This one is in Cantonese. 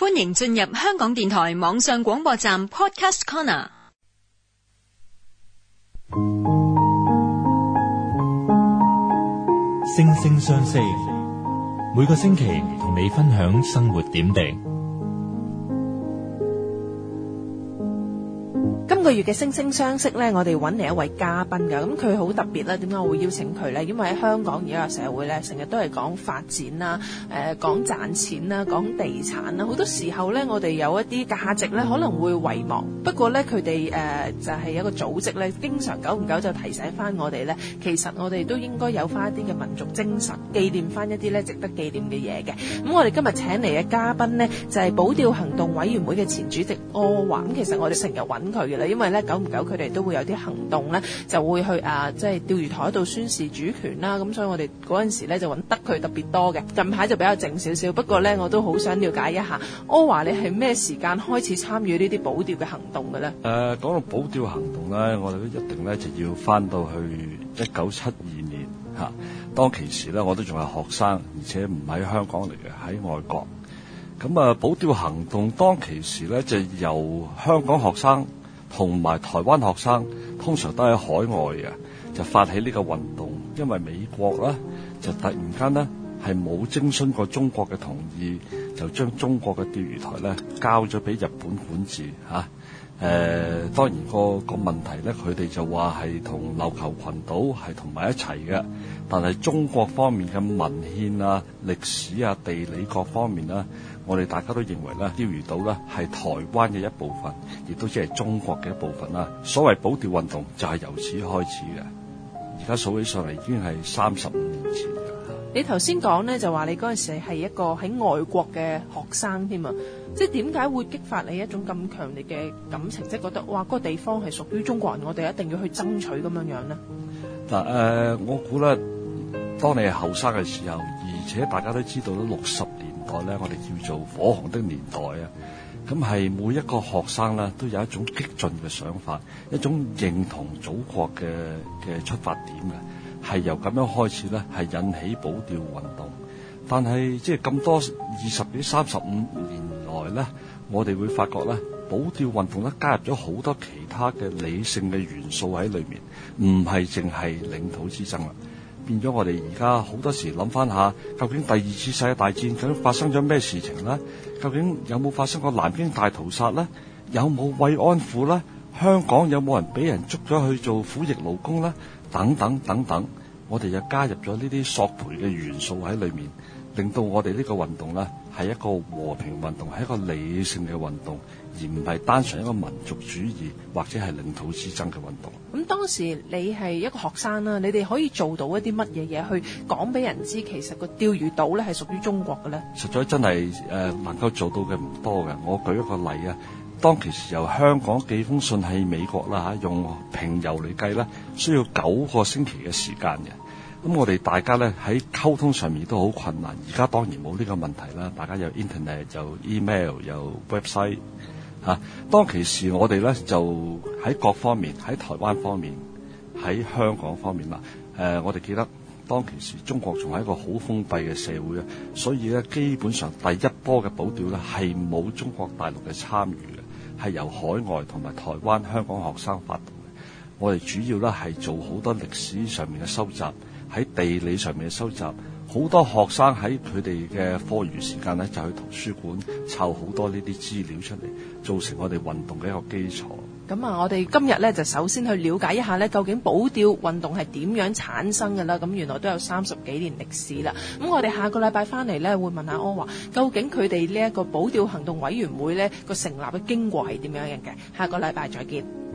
歡迎進入香港電台網上廣播站 Podcast Corner，星聲相識，每個星期同你分享生活點滴。個月嘅星聲相識咧，我哋揾嚟一位嘉賓噶，咁佢好特別啦，點解我會邀請佢呢？因為喺香港而家嘅社會呢，成日都係講發展啦、誒講賺錢啦、講地產啦，好多時候呢，我哋有一啲價值呢，可能會遺忘。不過呢，佢哋誒就係、是、一個組織呢，經常久唔久就提醒翻我哋呢。其實我哋都應該有翻一啲嘅民族精神，紀念翻一啲呢，值得紀念嘅嘢嘅。咁我哋今日請嚟嘅嘉賓呢，就係、是、保釣行動委員會嘅前主席柯華。咁、哦、其實我哋成日揾佢噶啦，因為咧，久唔久佢哋都會有啲行動咧，就會去啊，即係釣魚台度宣示主權啦。咁、啊、所以我哋嗰陣時咧就揾得佢特別多嘅，近排就比較靜少少。不過咧，我都好想了解一下柯華，嗯、柯華你係咩時間開始參與呢啲保釣嘅行動嘅咧？誒、啊，講到保釣行動咧，我哋都一定咧就要翻到去一九七二年吓、啊。當其時咧，我都仲係學生，而且唔喺香港嚟嘅，喺外國。咁啊，保釣行動當其時咧就由香港學生。同埋台灣學生通常都喺海外啊，就發起呢個運動，因為美國啦，就突然間咧，係冇徵詢過中國嘅同意，就將中國嘅釣魚台咧交咗俾日本管治嚇、啊呃。當然、嗰個、嗰個問題咧，佢哋就話係同琉球群島係同埋一齊嘅，但係中國方面嘅文獻啊、歷史啊、地理各方面咧，我哋大家都認為咧，釣魚島咧係台灣嘅一部分，亦都只係中國嘅一部分啦。所謂保釣運動就係、是、由此開始嘅，而家數起上嚟已經係三十五年前。你頭先講咧，就話你嗰陣時係一個喺外國嘅學生添啊，即係點解會激發你一種咁強烈嘅感情，即係覺得哇嗰個地方係屬於中國人，我哋一定要去爭取咁樣樣咧？嗱、呃、我估啦，當你係後生嘅時候，而且大家都知道咧，六十年代咧，我哋叫做火紅的年代啊，咁係每一個學生咧都有一種激進嘅想法，一種認同祖國嘅嘅出發點嘅。係由咁樣開始咧，係引起保釣運動。但係即係咁多二十幾、三十五年來咧，我哋會發覺咧，保釣運動咧加入咗好多其他嘅理性嘅元素喺裏面，唔係淨係領土之爭啦，變咗我哋而家好多時諗翻下，究竟第二次世界大戰究竟發生咗咩事情咧？究竟有冇發生過南京大屠殺咧？有冇慰安婦咧？香港有冇人俾人捉咗去做苦役勞工咧？等等等等。我哋又加入咗呢啲索賠嘅元素喺裏面，令到我哋呢個運動咧係一個和平運動，係一個理性嘅運動，而唔係單純一個民族主義或者係領土之爭嘅運動。咁當時你係一個學生啦，你哋可以做到一啲乜嘢嘢去講俾人知，其實個釣魚島咧係屬於中國嘅咧？實在真係誒、呃、能夠做到嘅唔多嘅。我舉一個例啊。當其時由香港寄封信去美國啦，吓、啊、用平郵嚟計咧，需要九個星期嘅時間嘅。咁我哋大家咧喺溝通上面都好困難，而家當然冇呢個問題啦，大家有 internet 有 email 有 website 嚇、啊。當其時我哋咧就喺各方面喺台灣方面喺香港方面啦。誒、啊、我哋記得當其時中國仲係一個好封閉嘅社會啊，所以咧基本上第一波嘅保釣咧係冇中國大陸嘅參與。係由海外同埋台灣、香港學生發動嘅。我哋主要咧係做好多歷史上面嘅收集，喺地理上面嘅收集。好多學生喺佢哋嘅課餘時間咧，就去圖書館湊好多呢啲資料出嚟，造成我哋運動嘅一個基礎。咁啊，我哋今日咧就首先去了解一下咧，究竟保釣運動係點樣產生噶啦？咁原來都有三十幾年歷史啦。咁我哋下個禮拜翻嚟咧會問，問下柯華，究竟佢哋呢一個保釣行動委員會咧個成立嘅經過係點樣樣嘅？下個禮拜再見。